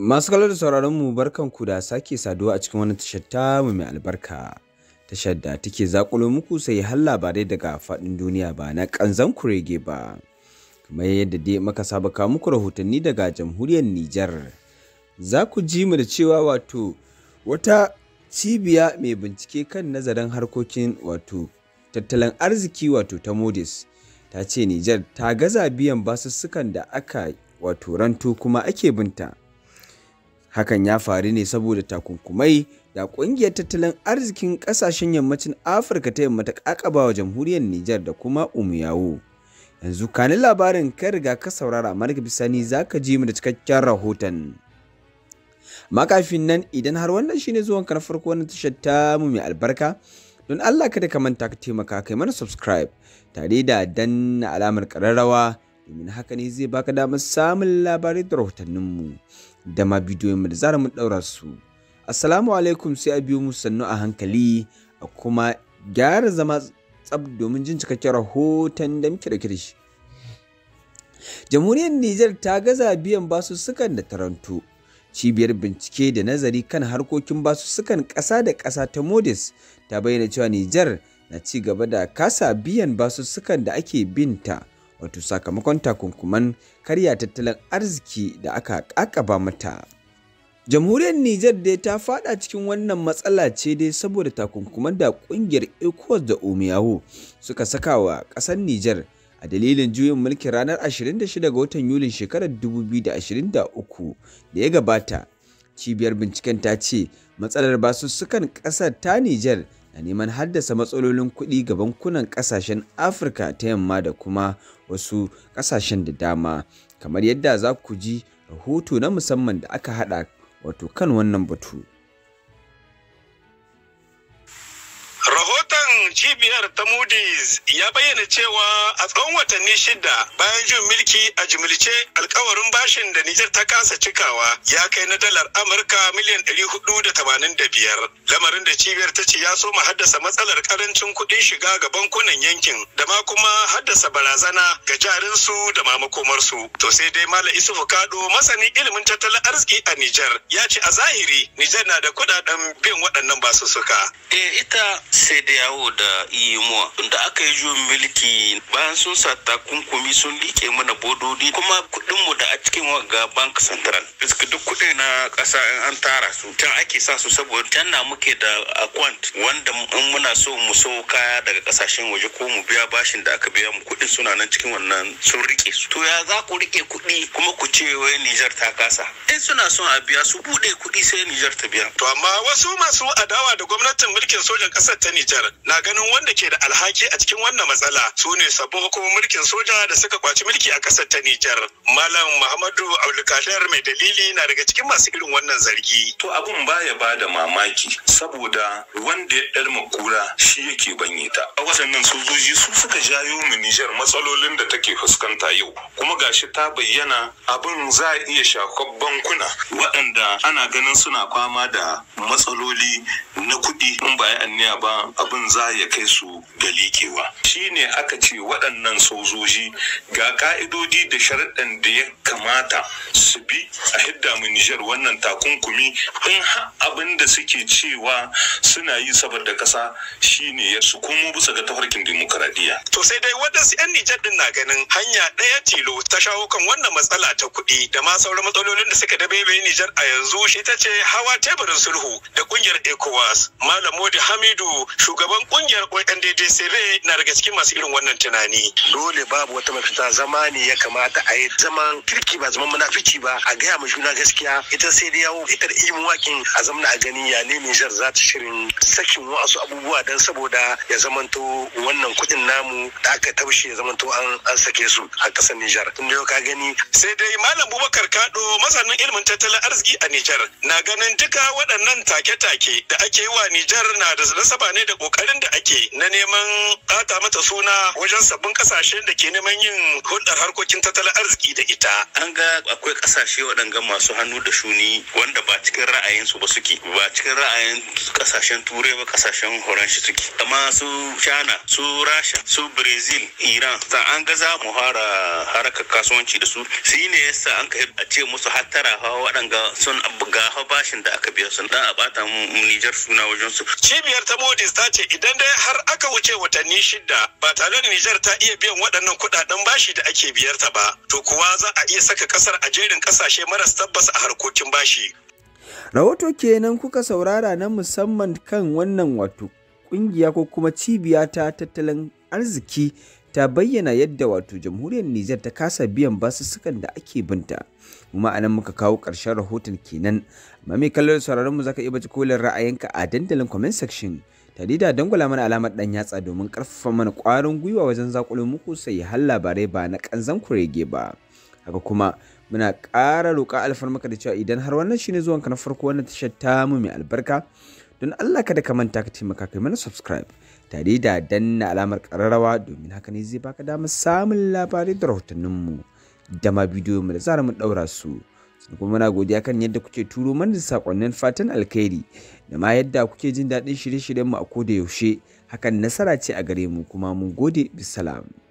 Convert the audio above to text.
Masu kalar da sauraron mu ku da sake saduwa a cikin wani tashar ta mai albarka. Tashar da take zakulo muku sai har labarai daga faɗin duniya ba na kanzan kurege ba. Kamar yadda dai muka saba kawo muku rahotanni daga jamhuriyar Nijar. Za ku ji mu da cewa wato wata cibiya mai bincike kan nazarin harkokin wato tattalin arziki wato ta Modis ta ce Nijar ta gaza biyan basussukan da aka wato ranto kuma ake binta. Hakan ya faru ne saboda takunkumai da ƙungiyar tattalin arzikin kasashen yammacin Afirka ta yamma ta ƙaƙaba wa jamhuriyar Nijar da kuma Umuyawo. Yanzu kani labarin kai riga ka saurara marka bisani za ka ji mu da cikakken rahoton. Makafin nan idan har wannan shine zuwan ka na farko wannan tashar mu mai albarka don Allah kada ka manta ka taimaka kai mana subscribe tare da danna alamar ƙararrawa domin haka ne zai baka damar samun labarai da rahotanninmu. mu. da ma bidiyoyinmu da zara mun ɗaura su. Assalamu alaikum sai a biyo mu sannu a hankali a kuma gyara zama tsab domin jin cikakken rahoton da muke da shi. Jamhuriyar Nijar ta gaza biyan basussukan da Taranto. Cibiyar bincike da nazari kan harkokin basussukan ƙasa da ƙasa ta Modis ta bayyana cewa Nijar na ci gaba da kasa biyan basussukan da ake binta. ta. wato sakamakon takunkuman karya tattalin arziki da aka ƙaƙaba mata. Jamhuriyar Nijar dai ta fada cikin wannan matsala ce dai saboda takunkuman da kungiyar ECOWAS da Omiyawo suka saka wa ƙasar Nijar a dalilin juyin mulkin ranar 26 ga watan Yulin shekarar 2023 da ya gabata. Cibiyar binciken ta ce matsalar basussukan ƙasar ta Nijar na neman haddasa matsalolin kuɗi ga bankunan ƙasashen afirka ta yamma da kuma wasu ƙasashen da dama kamar yadda za ku ji rahoto na musamman da aka haɗa wato kan wannan batu. cibiyar ta Moody's ya bayyana cewa a tsawon watanni shida bayan jin mulki a jimilce alkawarin bashin da Nijar ta kasa cikawa ya kai na dalar Amurka miliyan 485 lamarin da cibiyar ta ce ya soma haddasa matsalar karancin kuɗin shiga ga bankunan yankin da ma kuma haddasa barazana ga jarinsu da ma makomarsu. To sai dai Malam Isufu Kado masanin ilimin tattalin arziki a Nijar ya ce a zahiri Nijar na da kuɗaɗen bin waɗannan basussuka. Eh ita sai da yawo da da iyemuwa da aka yi juyin mulki bayan sun sa takunkumi sun liƙe mana bododi kuma kuɗinmu da a cikin ga bank central duk kuɗin Kasa in an tara su can ake sa su saboda can na muke da akwant wanda in muna so mu so kaya daga kasashen waje ko mu biya bashin da aka biya mu kuɗin suna nan cikin wannan sun rike su to ya za ku rike kuɗi kuma ku ce wai Nijar ta kasa in suna son a biya su buɗe kuɗi sai Nijar ta biya to amma wasu masu adawa da gwamnatin mulkin sojan ƙasar ta Nijar na ganin wanda ke da alhaki a cikin wannan matsala su ne sabon hukumar mulkin soja da suka kwaci mulki a ƙasar ta Nijar malam Muhammadu Abdulkadir mai dalili na daga cikin masu irin wannan zargi to abin baya ba da mamaki saboda wanda ya ɗarma kura shi yake banye ta a waɗannan sojoji su suka jayo mu Nijar matsalolin da take fuskanta yau kuma gashi ta bayyana abin za a iya shafar bankuna waɗanda ana ganin suna kwama da matsaloli duniya ba abin za ya kai su ga likewa shine aka ce waɗannan sojoji ga ka'idodi da sharaɗin da ya kamata su bi a hidda mu Nijar wannan takunkumi in abin da suke cewa suna yi saboda ƙasa shine ya su komo bisa ga tafarkin demokradiyya to sai dai waɗansu 'yan Nijar din na ganin hanya ɗaya tilo ta shawo kan wannan matsala ta kuɗi da ma sauran matsalolin da suka dabebe Nijar a yanzu shi ta ce hawa teburin sulhu da ƙungiyar ECOWAS Malam Modi Hamid Hamidu shugaban kungiyar kwai dan na daga cikin masu irin wannan tunani. Dole babu wata mafita zama ne ya kamata a yi zaman kirki ba zaman munafici ba a gaya ma juna gaskiya ita sai da yawo ita da ilimin wakin a zamana a gani ya ne Nijar za ta shirin sakin wasu abubuwa don saboda ya zamanto wannan kuɗin namu da aka taushe ya zamanto an sake su a ƙasar Nijar. Tun da ka gani. Sai dai Malam Bubakar Kado masanin ilimin tattalin arziki a Nijar na ganin duka waɗannan take-take da ake yi wa Nijar na da nasaba ne da kokarin da ake na neman ƙata mata suna wajen sabbin kasashen da ke neman yin hulɗar harkokin tattalin arziki da ita an ga akwai kasashe waɗanda masu hannu da shuni wanda ba cikin su ba suke ba cikin ra'ayin kasashen turai ba kasashen horanshi suke amma su china su rasha su brazil iran ta an ga za mu fara harkar kasuwanci da su shi ne yasa an ka a ce musu hattara fa waɗanda sun ga bashin da aka biya sun dan a bata mu nijar suna wajen su cibiyar ta modis ta ce idan dai har aka wuce watanni shida ba tare da Nijar ta iya biyan waɗannan kuɗaɗen bashi da ake biyar ta ba to kuwa za a iya saka ƙasar a jerin ƙasashe maras tabbas a harkokin bashi. Rahoto kenan kuka saurara na musamman kan wannan wato ƙungiya ko kuma cibiya ta tattalin arziki ta bayyana yadda wato jamhuriyar Nijar ta kasa biyan basussukan da ake binta. Kuma anan muka kawo karshen rahoton kenan. Amma mai kallon sauraron mu zaka iya baje kolin ra'ayinka a dandalin comment section. Tadida dangwala mana alamar dan yatsa domin ƙarfafa mana ƙwarin gwiwa wajen zakulo muku sai har labarai ba na ƙanzan kurege ba. Haka kuma muna ƙara roƙa alfarmaka da cewa idan har wannan shine ka na farko wannan tashar ta mu mai albarka don Allah kada ka manta ka taimaka kai mana subscribe tare da danna alamar ƙararrawa domin haka ne zai baka damar samun labarai da rahotanninmu da ma bidiyo mu da zara mu daura su. kuma muna godiya kan yadda kuke turo mana da sakonnin fatan alkhairi da ma yadda kuke jin daɗin shirye shiryen mu a koda yaushe hakan nasara ce a gare mu kuma mun gode bisalam.